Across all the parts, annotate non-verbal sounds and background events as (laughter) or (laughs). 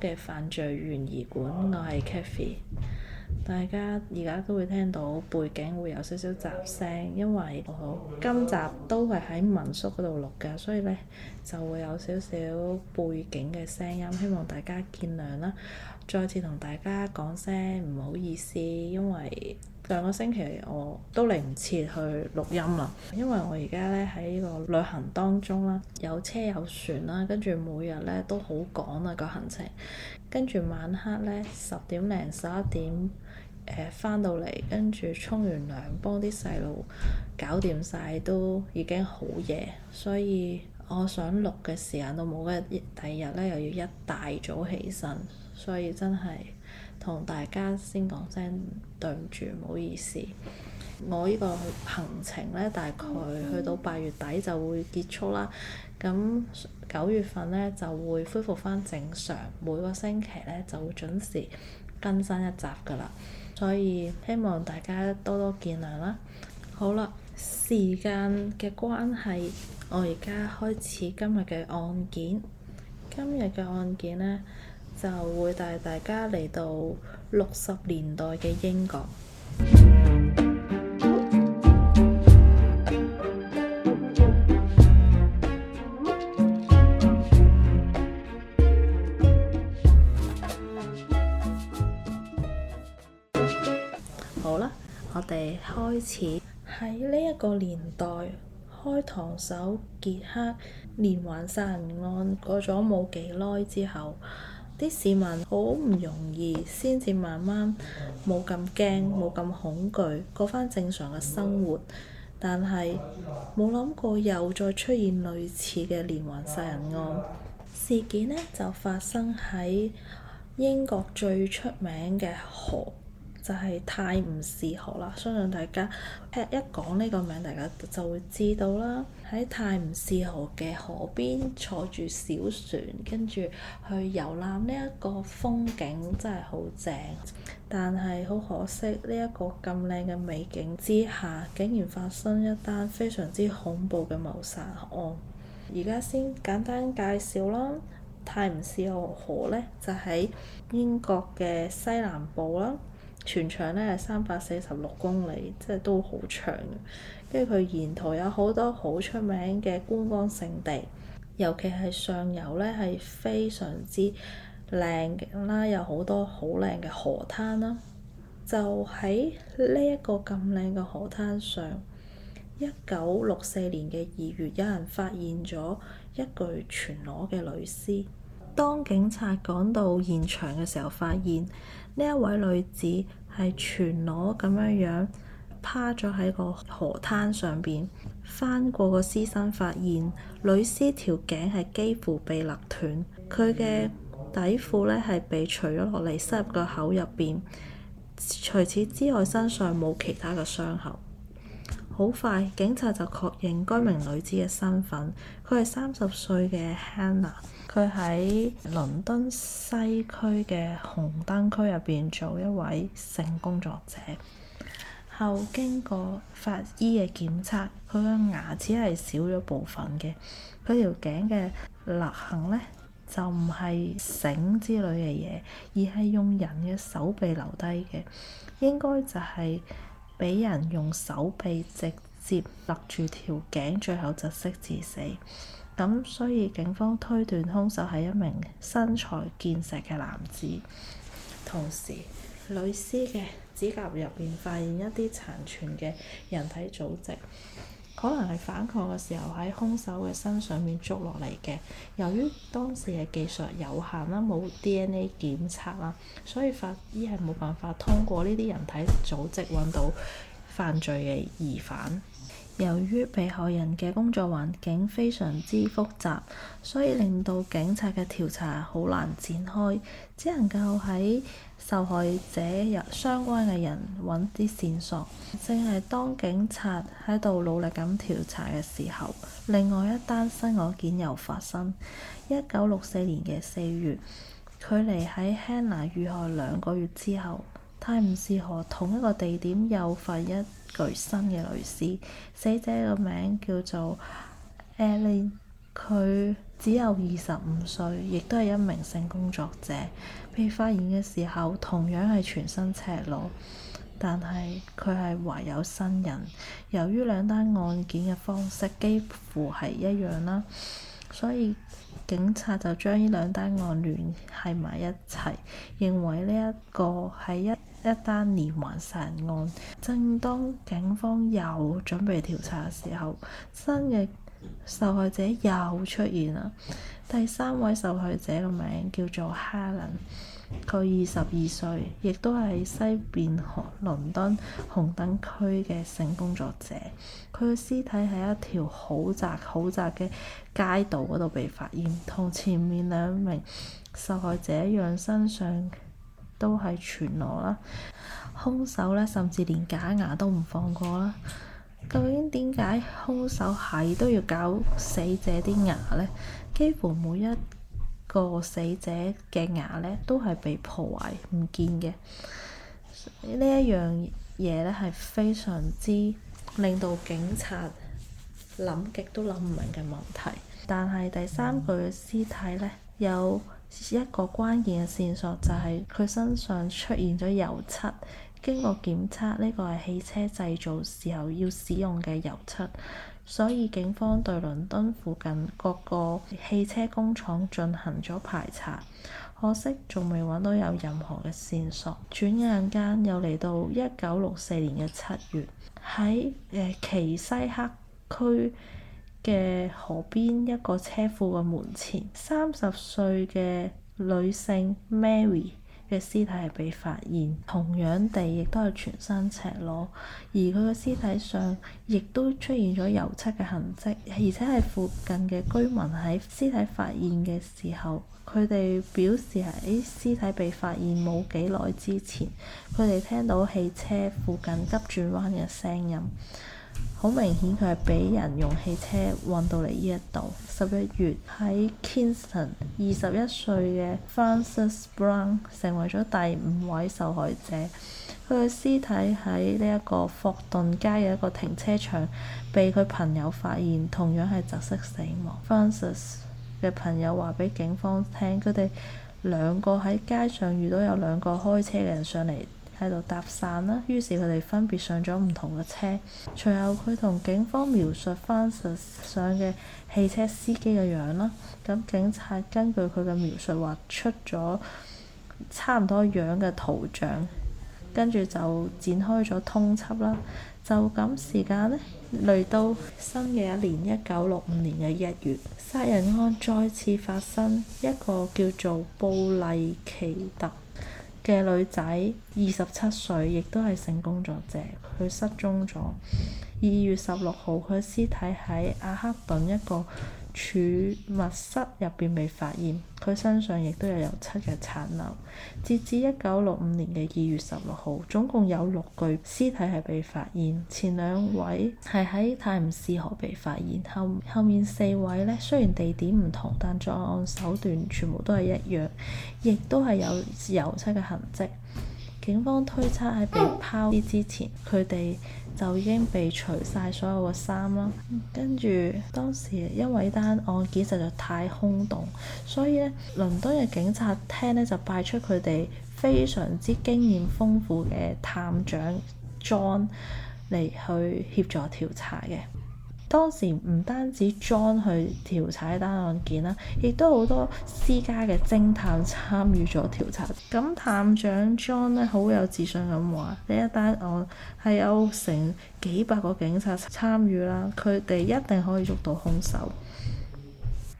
嘅犯罪懸疑館，我係 Kathy，大家而家都會聽到背景會有少少雜聲，因為我今集都係喺民宿嗰度錄嘅，所以呢就會有少少背景嘅聲音，希望大家見諒啦。再次同大家講聲唔好意思，因為。上個星期我都嚟唔切去錄音啦，音因為我而家咧喺呢個旅行當中啦，有車有船啦，跟住每日咧都好趕啊、這個行程，跟住晚黑咧十點零十一點誒翻、呃、到嚟，跟住沖完涼幫啲細路搞掂晒，都已經好夜，所以我想錄嘅時間都冇嘅，第二日咧又要一大早起身，所以真係。同大家先講聲對唔住，唔好意思。我呢個行程咧，大概去到八月底就會結束啦。咁九月份咧就會恢復翻正常，每個星期咧就會準時更新一集㗎啦。所以希望大家多多見諒啦。好啦，時間嘅關係，我而家開始今日嘅案件。今日嘅案件咧。就會帶大家嚟到六十年代嘅英國。 (music) 好啦，我哋開始喺呢一個年代開膛手傑克連環殺人案，過咗冇幾耐之後，啲市民好唔容易先至慢慢冇咁驚，冇咁恐懼過翻正常嘅生活，但係冇諗過又再出現類似嘅連環殺人案事件咧，就發生喺英國最出名嘅河。就係泰晤士河啦，相信大家一講呢個名，大家就會知道啦。喺泰晤士河嘅河邊坐住小船，跟住去遊覽呢一個風景，真係好正。但係好可惜，呢、這、一個咁靚嘅美景之下，竟然發生一單非常之恐怖嘅謀殺案。而、哦、家先簡單介紹啦，泰晤士河河咧就喺、是、英國嘅西南部啦。全長咧係三百四十六公里，即係都好長。跟住佢沿途有好多好出名嘅觀光勝地，尤其係上游咧係非常之靚啦，有好多好靚嘅河灘啦。就喺呢一個咁靚嘅河灘上，一九六四年嘅二月，有人發現咗一具全裸嘅女屍。當警察趕到現場嘅時候，發現呢一位女子。係全裸咁樣樣趴咗喺個河灘上邊，翻過個屍身發現女屍條頸係幾乎被勒斷，佢嘅底褲呢係被除咗落嚟塞入個口入邊。除此之外，身上冇其他嘅傷口。好快，警察就確認該名女子嘅身份，佢係三十歲嘅 Hannah。佢喺倫敦西區嘅紅燈區入邊做一位性工作者，後經過法醫嘅檢測，佢嘅牙齒係少咗部分嘅，佢條頸嘅勒痕呢，就唔係繩之類嘅嘢，而係用人嘅手臂留低嘅，應該就係俾人用手臂直接勒住條頸，最後窒息致死。咁所以警方推斷凶手係一名身材健碩嘅男子，同時，女屍嘅指甲入邊發現一啲殘存嘅人體組織，可能係反抗嘅時候喺凶手嘅身上面捉落嚟。嘅由於當時嘅技術有限啦，冇 DNA 檢測啦，所以法醫係冇辦法通過呢啲人體組織揾到犯罪嘅疑犯。由於被害人嘅工作環境非常之複雜，所以令到警察嘅調查好難展開，只能夠喺受害者有相關嘅人揾啲線索。正係當警察喺度努力咁調查嘅時候，另外一單新案件又發生。一九六四年嘅四月，距離喺 Hannah 遇害兩個月之後。泰晤士河同一個地點又發一具新嘅女屍死者嘅名叫做 Ellen 佢只有二十五歲亦都係一名性工作者。被發現嘅時候同樣係全身赤裸，但係佢係懷有身孕。由於兩單案件嘅方式幾乎係一樣啦，所以警察就將呢兩單案聯繫埋一齊認為呢一個係一。一單連環殺人案，正當警方又準備調查嘅時候，新嘅受害者又出現啦。第三位受害者嘅名叫做哈倫，佢二十二歲，亦都係西邊河倫敦紅燈區嘅性工作者。佢嘅屍體喺一條好窄好窄嘅街道嗰度被發現，同前面兩名受害者一樣身上，都係全裸啦，兇手咧，甚至連假牙都唔放過啦。究竟點解兇手係都要搞死者啲牙呢？幾乎每一個死者嘅牙呢，都係被破壞唔見嘅。呢一樣嘢呢，係非常之令到警察諗極都諗唔明嘅問題。但係第三具嘅屍體呢，有。一個關鍵嘅線索就係佢身上出現咗油漆，經過檢測呢個係汽車製造時候要使用嘅油漆，所以警方對倫敦附近各個汽車工廠進行咗排查，可惜仲未搵到有任何嘅線索。轉眼間又嚟到一九六四年嘅七月，喺誒、呃、奇西克區嘅河邊一個車庫嘅門前，三十歲嘅女性 Mary 嘅屍體係被發現，同樣地亦都係全身赤裸，而佢嘅屍體上亦都出現咗油漆嘅痕跡，而且係附近嘅居民喺屍體發現嘅時候，佢哋表示喺、哎、屍體被發現冇幾耐之前，佢哋聽到汽車附近急轉彎嘅聲音。好明顯，佢係俾人用汽車運到嚟呢一度。十一月喺 Kingston，二十一歲嘅 Francis Brown 成為咗第五位受害者。佢嘅屍體喺呢一個霍頓街嘅一個停車場被佢朋友發現，同樣係窒息死亡。Francis 嘅朋友話俾警方聽，佢哋兩個喺街上遇到有兩個開車嘅人上嚟。喺度搭訕啦，於是佢哋分別上咗唔同嘅車，隨後佢同警方描述翻實上嘅汽車司機嘅樣啦。咁警察根據佢嘅描述畫出咗差唔多樣嘅圖像，跟住就展開咗通緝啦。就咁時間呢，嚟到新嘅一年一九六五年嘅一月，殺人案再次發生，一個叫做布利奇特。嘅女仔二十七歲亦都係性工作者，佢失蹤咗。二月十六號，佢屍體喺阿克頓一個。儲物室入邊被發現，佢身上亦都有油漆嘅殘留。截至一九六五年嘅二月十六號，總共有六具屍體係被發現。前兩位係喺泰晤士河被發現，後後面四位呢，雖然地點唔同，但作案手段全部都係一樣，亦都係有油漆嘅痕跡。警方推測喺被拋棄之前，佢哋就已經被除晒所有嘅衫啦，跟住當時因為單案件實在太轟動，所以咧，倫敦嘅警察廳咧，就派出佢哋非常之經驗豐富嘅探長 John 嚟去協助調查嘅。當時唔單止 John 去調查呢單案件啦，亦都好多私家嘅偵探參與咗調查。咁探長 John 咧好有自信咁話：呢一單案係有成幾百個警察參與啦，佢哋一定可以捉到兇手。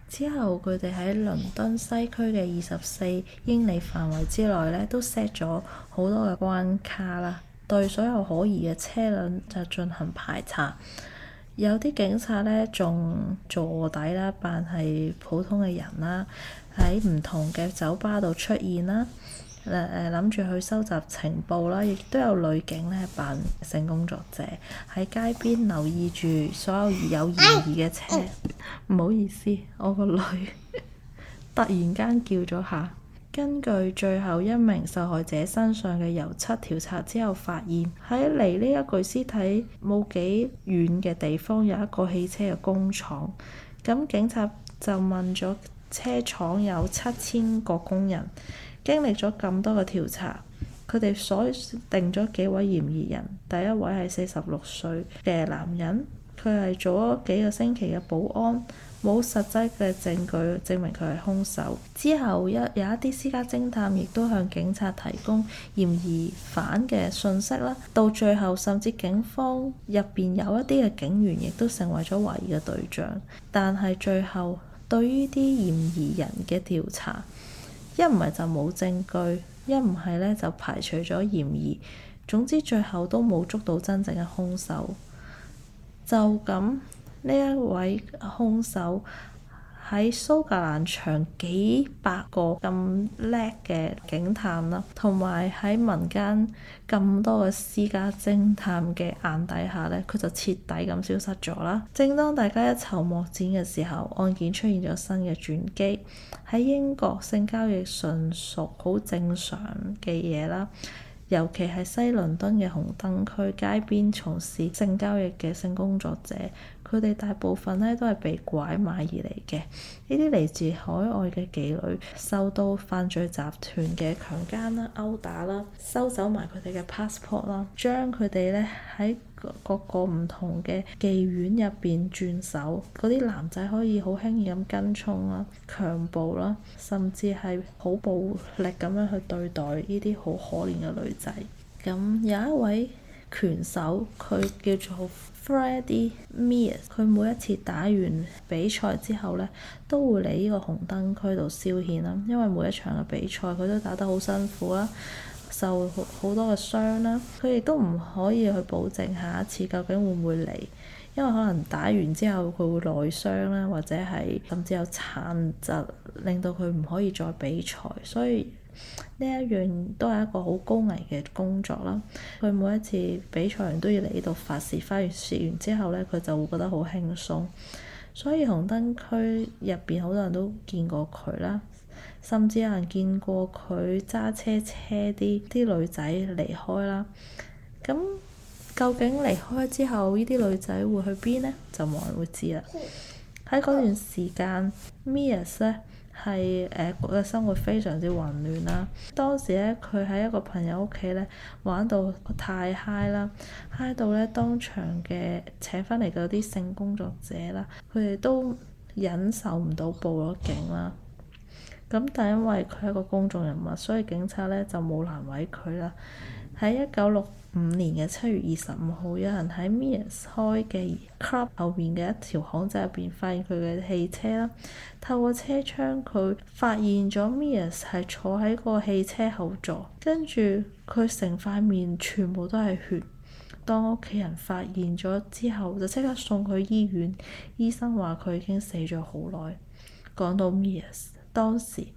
之後佢哋喺倫敦西區嘅二十四英里範圍之內咧，都 set 咗好多嘅關卡啦，對所有可疑嘅車輛就進行排查。有啲警察咧仲做臥底啦，扮係普通嘅人啦，喺唔同嘅酒吧度出現啦。誒誒諗住去收集情報啦。亦都有女警咧扮性工作者，喺街邊留意住所有有意義嘅車，唔、啊啊、好意思，我個女 (laughs) 突然間叫咗下。根據最後一名受害者身上嘅油漆調查之後，發現喺離呢一具屍體冇幾遠嘅地方有一個汽車嘅工廠。咁警察就問咗車廠有七千個工人。經歷咗咁多嘅調查，佢哋鎖定咗幾位嫌疑人。第一位係四十六歲嘅男人，佢係做咗幾個星期嘅保安。冇實際嘅證據證明佢係兇手。之後一有一啲私家偵探亦都向警察提供嫌疑犯嘅信息啦。到最後，甚至警方入邊有一啲嘅警員亦都成為咗懷疑嘅對象。但係最後對於啲嫌疑人嘅調查，一唔係就冇證據，一唔係呢就排除咗嫌疑。總之最後都冇捉到真正嘅兇手，就咁。呢一位兇手喺蘇格蘭場幾百個咁叻嘅警探啦，同埋喺民間咁多嘅私家偵探嘅眼底下，呢佢就徹底咁消失咗啦。正當大家一籌莫展嘅時候，案件出現咗新嘅轉機。喺英國，性交易純屬好正常嘅嘢啦，尤其係西倫敦嘅紅燈區街邊從事性交易嘅性工作者。佢哋大部分咧都係被拐賣而嚟嘅。呢啲嚟自海外嘅妓女，受到犯罪集團嘅強奸啦、毆打啦、收走埋佢哋嘅 passport 啦，將佢哋咧喺各個唔同嘅妓院入邊轉手。嗰啲男仔可以好輕易咁跟蹤啦、強暴啦，甚至係好暴力咁樣去對待呢啲好可憐嘅女仔。咁有一位拳手，佢叫做。try 一啲，佢每一次打完比賽之後呢，都會嚟呢個紅燈區度消遣啦。因為每一場嘅比賽佢都打得好辛苦啦，受好多嘅傷啦。佢亦都唔可以去保證下一次究竟會唔會嚟，因為可能打完之後佢會內傷啦，或者係甚至有殘疾，令到佢唔可以再比賽，所以。呢一樣都係一個好高危嘅工作啦。佢每一次比賽完都要嚟呢度發泄，發完泄完之後呢，佢就會覺得好輕鬆。所以紅燈區入邊好多人都見過佢啦，甚至有人見過佢揸車車啲啲女仔離開啦。咁究竟離開之後呢啲女仔會去邊呢？就冇人會知啦。喺嗰段時間，Mia 咧。係誒，個、呃、生活非常之混亂啦。當時咧，佢喺一個朋友屋企咧玩到太 high, high 到太嗨啦，嗨到咧當場嘅請翻嚟嗰啲性工作者啦，佢哋都忍受唔到，報咗警啦。咁但因為佢係一個公眾人物，所以警察咧就冇難為佢啦。喺一九六五年嘅七月二十五號，有人喺 Miers 開嘅 club 後面嘅一條巷仔入邊，發現佢嘅汽車啦。透過車窗，佢發現咗 Miers 係坐喺個汽車後座，跟住佢成塊面全部都係血。當屋企人發現咗之後，就即刻送去醫院。醫生話佢已經死咗好耐。講到 Miers，當時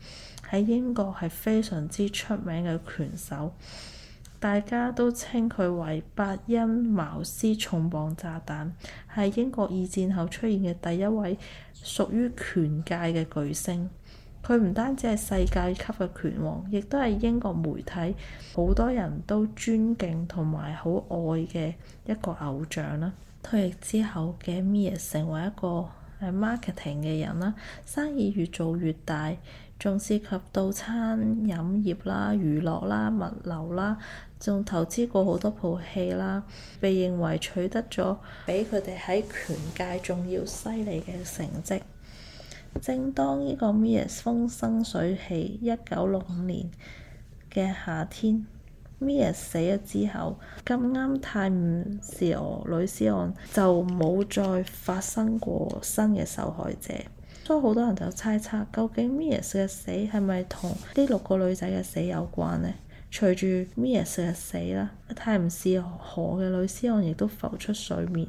喺英國係非常之出名嘅拳手。大家都稱佢為伯恩茅斯重磅炸彈，係英國二戰後出現嘅第一位屬於拳界嘅巨星。佢唔單止係世界級嘅拳王，亦都係英國媒體好多人都尊敬同埋好愛嘅一個偶像啦。退役之後嘅米爾成為一個係 marketing 嘅人啦，生意越做越大，仲涉及到餐飲業啦、娛樂啦、物流啦，仲投資過好多部戲啦，被認為取得咗比佢哋喺拳界仲要犀利嘅成績。正當呢個咩嘢風生水起，一九六五年嘅夏天。Mia 死咗之後，咁啱泰晤士 e 河女屍案就冇再發生過新嘅受害者，所以好多人就猜測，究竟 Mia 嘅死係咪同呢六個女仔嘅死有關呢？隨住 Mia 嘅死啦 t i m 河嘅女屍案亦都浮出水面。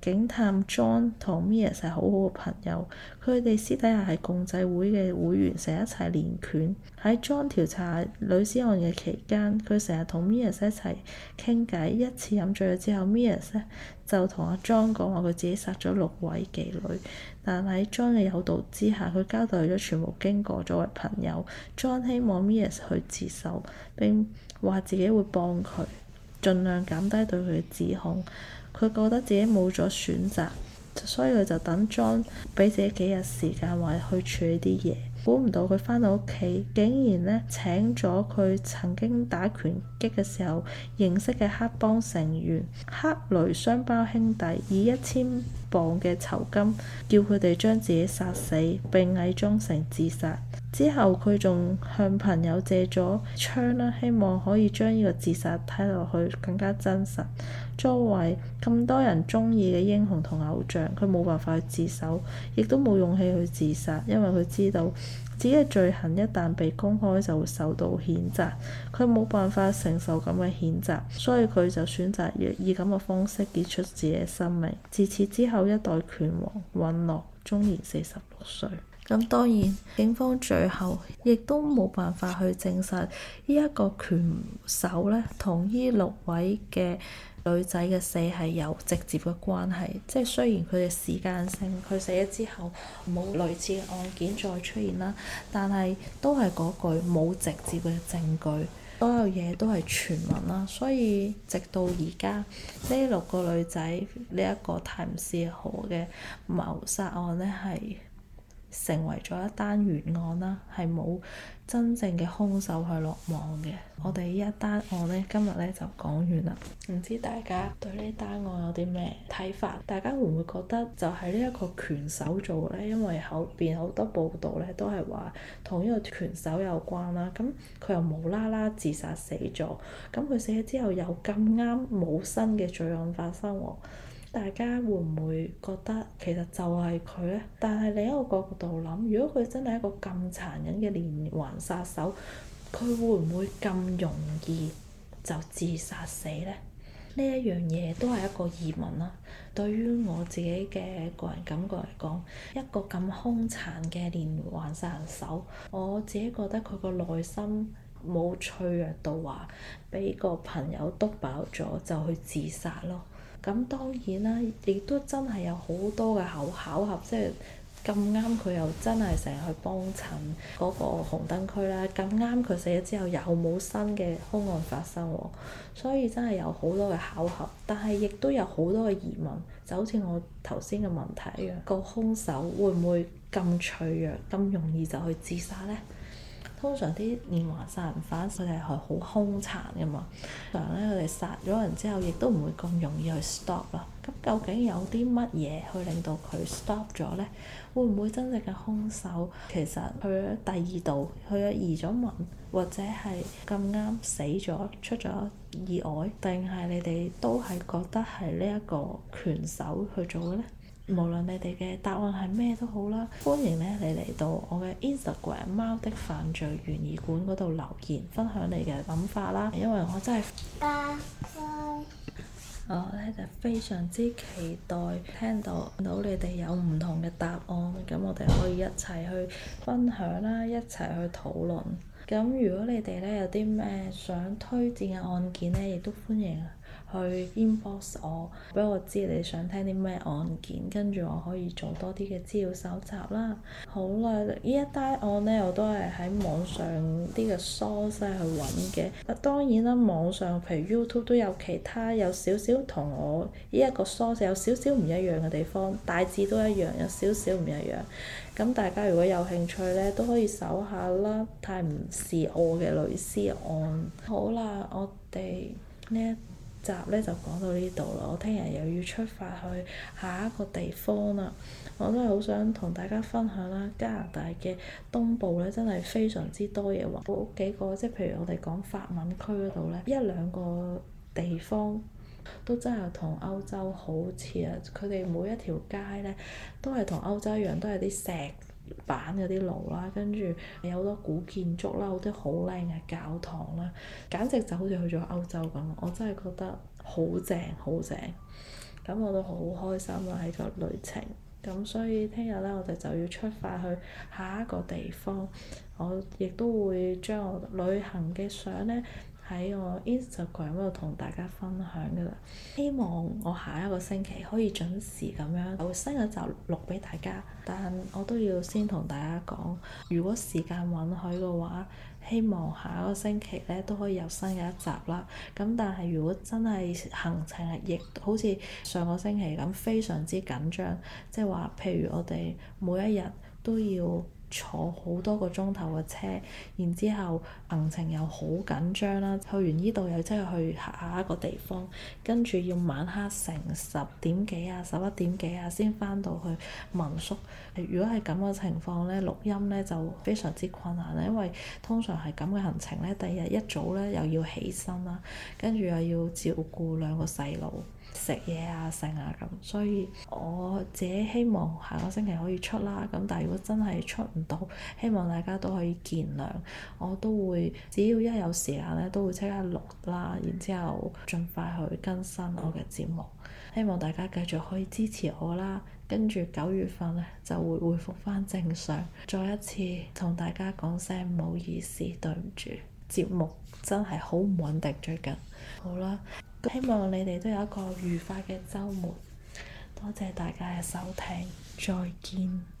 警探 John 同 Mears 係好好嘅朋友，佢哋私底下係共濟會嘅會員，成日一齊練拳。喺 John 調查女屍案嘅期間，佢成日同 Mears 一齊傾偈。一次飲醉咗之後 Mears 咧就同阿 John 講話，佢自己殺咗六位妓女。但喺 John 嘅誘導之下，佢交代咗全部經過，作為朋友，John 希望 Mears 去自首，並話自己會幫佢，盡量減低對佢嘅指控。佢覺得自己冇咗選擇，所以佢就等莊俾自己幾日時間，話去處理啲嘢。估唔到佢返到屋企，竟然咧請咗佢曾經打拳擊嘅時候認識嘅黑幫成員克雷雙胞兄弟，以一千磅嘅酬金叫佢哋將自己殺死，並偽裝成自殺。之後，佢仲向朋友借咗槍啦，希望可以將呢個自殺睇落去更加真實。作為咁多人中意嘅英雄同偶像，佢冇辦法去自首，亦都冇勇氣去自殺，因為佢知道自己嘅罪行一旦被公開就會受到譴責，佢冇辦法承受咁嘅譴責，所以佢就選擇以咁嘅方式結束自己嘅生命。自此之後，一代拳王殞落，終年四十六歲。咁當然，警方最後亦都冇辦法去證實呢一個拳手咧，同呢六位嘅女仔嘅死係有直接嘅關係。即係雖然佢哋時間性佢死咗之後冇類似嘅案件再出現啦，但係都係嗰句冇直接嘅證據，所有嘢都係傳聞啦。所以直到而家呢六個女仔呢一個泰晤士河嘅謀殺案咧係，成為咗一單懸案啦，係冇真正嘅兇手去落網嘅。我哋呢一單案呢，今日呢就講完啦。唔知大家對呢單案有啲咩睇法？大家會唔會覺得就係呢一個拳手做呢？因為後邊好多報道呢都係話同呢個拳手有關啦。咁佢又無啦啦自殺死咗，咁佢死咗之後又咁啱冇新嘅罪案發生喎。大家會唔會覺得其實就係佢呢？但係另一個角度諗，如果佢真係一個咁殘忍嘅連環殺手，佢會唔會咁容易就自殺死呢？呢一樣嘢都係一個疑問啦。對於我自己嘅個人感覺嚟講，一個咁兇殘嘅連環殺手，我自己覺得佢個內心冇脆弱到話俾個朋友篤爆咗就去自殺咯。咁當然啦，亦都真係有好多嘅巧巧合，即係咁啱佢又真係成日去幫襯嗰個紅燈區啦，咁啱佢死咗之後又冇新嘅兇案發生喎，所以真係有好多嘅巧合，但係亦都有好多嘅疑問，就好似我頭先嘅問題一樣，的個兇手會唔會咁脆弱、咁容易就去自殺呢？通常啲連環殺人犯佢哋係好兇殘嘅嘛，然後咧佢哋殺咗人之後，亦都唔會咁容易去 stop 啦。咁究竟有啲乜嘢去令到佢 stop 咗呢？會唔會真正嘅兇手其實去咗第二度，佢移咗民，或者係咁啱死咗出咗意外，定係你哋都係覺得係呢一個拳手去做嘅呢？無論你哋嘅答案係咩都好啦，歡迎咧你嚟到我嘅 Instagram《貓的犯罪懸疑館》嗰度留言，分享你嘅諗法啦。因為我真係，我咧就非常之期待聽到到你哋有唔同嘅答案，咁我哋可以一齊去分享啦，一齊去討論。咁如果你哋咧有啲咩想推薦嘅案件咧，亦都歡迎。去 inbox 我，俾我知你想聽啲咩案件，跟住我可以做多啲嘅資料搜集啦。好啦，呢一單案呢，我都係喺網上啲嘅 source 去揾嘅。啊，當然啦，網上譬如 YouTube 都有其他有少少同我呢一個 source 有少少唔一樣嘅地方，大致都一樣，有少少唔一樣。咁大家如果有興趣呢，都可以搜下啦，太唔似我嘅律師案。好啦，我哋呢一集咧就講到呢度啦，我聽日又要出發去下一個地方啦。我都係好想同大家分享啦，加拿大嘅東部咧真係非常之多嘢玩。好幾個即係譬如我哋講法文區嗰度咧，一兩個地方都真係同歐洲好似啊！佢哋每一條街咧都係同歐洲一樣，都係啲石板嗰啲路啦，跟住有好多古建築啦，好多好靚嘅教堂啦，簡直就好似去咗歐洲咁，我真係覺得好正好正，咁我都好開心啦。喺個旅程，咁所以聽日咧我哋就要出發去下一個地方，我亦都會將我旅行嘅相咧。喺我 Instagram 度同大家分享噶啦，希望我下一個星期可以準時咁樣有新嘅一集錄俾大家。但係我都要先同大家講，如果時間允許嘅話，希望下一個星期咧都可以有新嘅一集啦。咁但係如果真係行程亦好似上個星期咁非常之緊張，即係話譬如我哋每一日都要坐好多個鐘頭嘅車，然之後行程又好緊張啦，去完呢度又即係去下一個地方，跟住要晚黑成十點幾啊、十一點幾啊先翻到去民宿。如果係咁嘅情況呢，錄音呢就非常之困難啦，因為通常係咁嘅行程呢，第日一早呢又要起身啦，跟住又要照顧兩個細路食嘢啊、剩啊咁，所以我自己希望下個星期可以出啦。咁但係如果真係出，希望大家都可以見諒，我都會只要一有時間咧，都會即刻錄啦，然之後盡快去更新我嘅節目。希望大家繼續可以支持我啦，跟住九月份咧就會恢復翻正常。再一次同大家講聲唔好意思，對唔住，節目真係好唔穩定最近。好啦，希望你哋都有一個愉快嘅周末。多謝大家嘅收聽，再見。